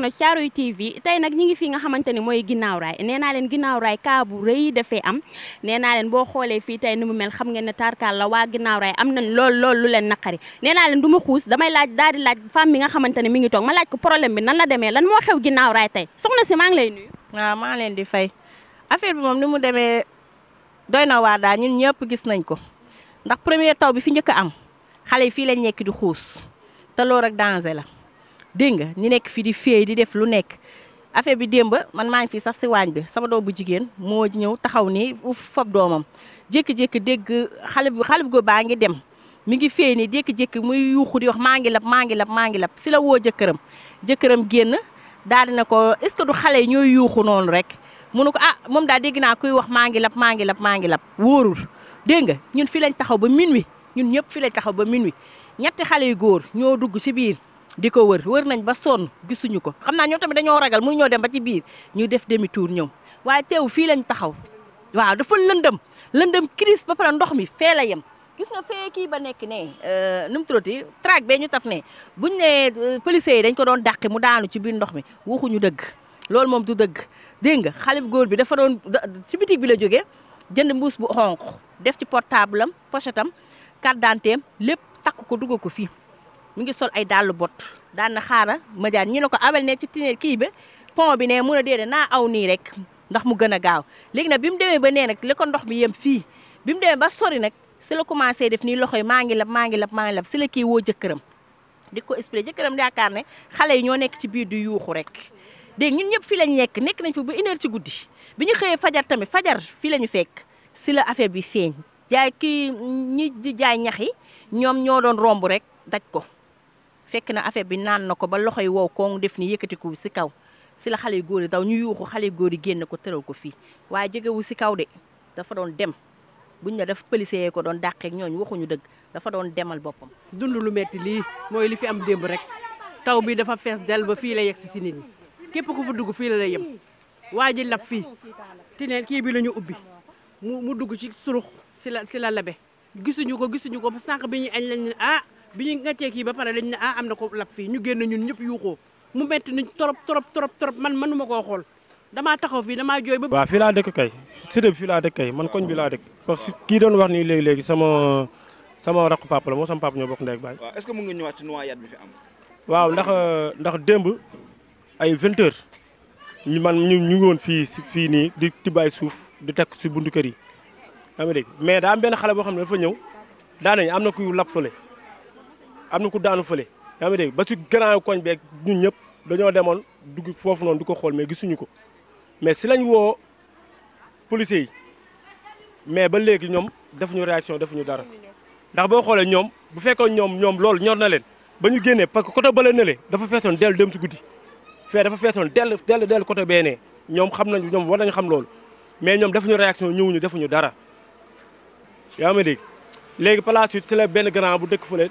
internet Thiaroye TV tey nag ñi ngi fi nga xamante ni mooy ginnaaw raay nee naa leen ginnaaw raay kaa bu rëy dafee am nee naa leen boo xoolee fii tey ni mu mel xam ngeen ne tarkaal la waa ginnaaw raay am nañ lool lool lu leen naqari nee naa leen du ma xuus damay laaj daal di laaj femme bi nga xamante ne mi ngi toog ma laaj ko problème bi nan la demee lan moo xew ginnaaw tey soxna si maa ngi lay nuyu a maa leen di fay affaire bi moom ni mu demee doy na waa daal ñun ñëpp gis nañ ko ndax premier taw bi fi njëkk a am xale yi fii lañ nekk di xuus te loolu rek la dégg nga ñu nekk fi di féey di def lu nekk affaire bi démb man maa ngi fii sax si waañ bi sama doo bu jigéen moo ñëw taxaw nii u fab doomam jékki-jékki dégg xale bu xale bu góor baa ngi dem mi ngi féey nii jékki-jékki muy yuuxu di wax maa ngi lab maa ngi lab maa ngi lab si la woo jëkkëram jëkkëram génna daal dina ko est-ce que du xale yi ñooy yuuxu noonu rek munu ko ah moom daal dégg naa koy wax maa ngi lab maa ngi lab maa ngi lab wóorul dégg nga ñun fi lañ taxaw ba minuit ñun ñëpp fi lañ taxaw ba minuit ñetti xale yu góor ñoo dugg si biir di ko wër wër nañ ba sonn gisuñu ko xam naa ñoo tamit dañoo ragal mu ñoo dem ba ci biir ñu def demi tour ñoom waaye teewu fii lañ taxaw waaw dafa lëndëm lëndëm crise ba pare ndox mi fee la yem gis nga fee kii ba nekk ne euh, nu mu tuddati track bee ñu taf ne bu ñu ne euh, policiers yi dañ ko doon dàqi mu daanu ci biir ndox mi waxuñu dëgg loolu moom du dëgg dégg nga xale bu góor bi dafa doon ci bitig bi la jóge jënd mbuus bu xonq def ci portable am pochette am carte d'identité am lépp takk ko dugal ko fii mi ngi sol ay dàll bot daan na xaara Madiane ñi ne ko abal ne ci tine kii ba pont bi ne mun a déedéet naa aw nii rek ndax mu gën a gaaw léegi nag bi mu demee ba nee nag li ndox mi yem fii bi mu demee ba sori nag si la commencé def nii loxo yi maa ngi lab maa ngi lab maa ngi lab si la kii woo jëkkëram di ko expliqué jëkkëram yaakaar ne xale yi ñoo nekk ci biir di yuuxu rek dégg ñu ñëpp fii lañ nekk nekk nañ fi ba une ci guddi bi ñu xëyee fajar tamit fajar fii la ñu fekk si la affaire bi feeñ jaay kii ñi di jaay ñax yi ñoom ñoo doon romb rek daj ko fekk na affaire bi naan na ko ba loxo yi wow koo def ni yëkkatiku si kaw si la xale yu góor yi daw ñu yuuxu xale yu góor yi génn ko tëral ko fii waaye jógewu si kaw de dafa doon dem buñ ne def policier ko doon dàqeek ñooñu waxuñu dëgg dafa doon demal boppam. dund lu metti lii mooy li fi am démb rek taw bi dafa fees dal ba fii la yegg si si nit ñi képp ku fa dugg fii la la yem waa ji la fii tineen kii bi la ñu ubbi mu mu dugg ci surux si la si la labe gisuñu ko gisuñu ko ba bi ñu ngàccee kii ba pare dañ ne ah am na ko lab fii ñu génn ñun ñëpp yuuxoo mu metti ni trop trop trop trop man manuma koo xool damaa taxaw fii damaa jooy ba. waaw fii laa dëkk kay Cité bi fii laa dëkk kay man wax nii léegi léegi sama sama rakku papa la moo sama papa ñoo bokk ndey waaw ndax ndax démb ay 20 ñu man ñu ñu ngi woon fii fii nii di tibbaay suuf di tek si buntu kër yi. xam mais daa mbenn xale boo xam ne dafa ñëw daa nañ am na kuy lab fële am na ku daanu fële yaa ngi dégg ba ci grand koñ beeg ñun ñëpp dañoo demoon dugg foofu noonu di ko xool mais gisuñu ko mais si lañ woo policiers yi mais ba léegi ñoom defuñu réaction defuñu dara ndax boo xoolee ñoom bu fekkoon ñoom ñoom loolu ñor na leen ba ñu génnee parce que côté bële nële dafa feesoon dellu dem ci guddi fee dafa feesoon dellu dellu dellu côté beenee ñoom xam nañu ñoom war nañu xam loolu mais ñoom defuñu réaction ñëwuñu defuñu dara yaa ngi dégg léegi par la benn grand bu dëkk fële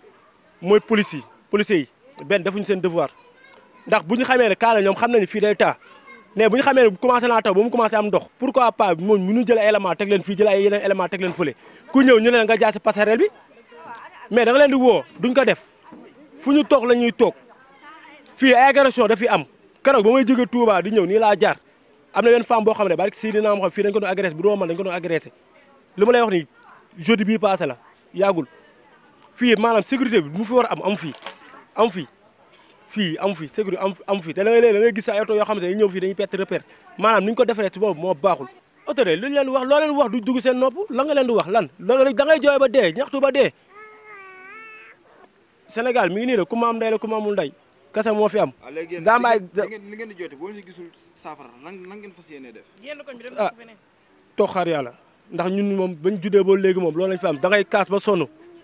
moy police yi yi ben defuñu sen devoir ndax buñu xamé xamee kala ñom avez fi day mais des xamé commencé taw mu commencé pourquoi pas moom mënu jël élément tek leen gens jël ay yeneen élément tek leen feulé ku ñu nga passerelle bi mais da nga leen di wo duñ ko def fuñu ñu lañuy tok fi agression am sont may Touba di ñew ni la jaar femme bo xamné xam agressé bu sont man dañ ko lay wax ni passé fii maanaam sécurité bi mu fi war a am amu fi am fi fii amu fi sécurité am amu fi te da ngay léeg gis ay oto yoo xamante ne ñëw fii dañuy perte repère maanaam ni ñu ko deferee ci boobu moo baaxul oto de lu ñu leen wax loo leen wax du dugg seen nopp la leen di wax lan loolu da ngay jooy ba dee ñaxtu ba dee Sénégal mi ngi nii rek ku ma am ndey la ku ma amul ndey kese moo fi am. Ah, daa am ay li ngeen di jooyte boo leen gisul saafara lan lan ngeen fas yéenee def. ah toog xaar yàlla ndax ñun moom bañ juddee boo léegi moom loolu lañ fi am da ngay kaas ba sonn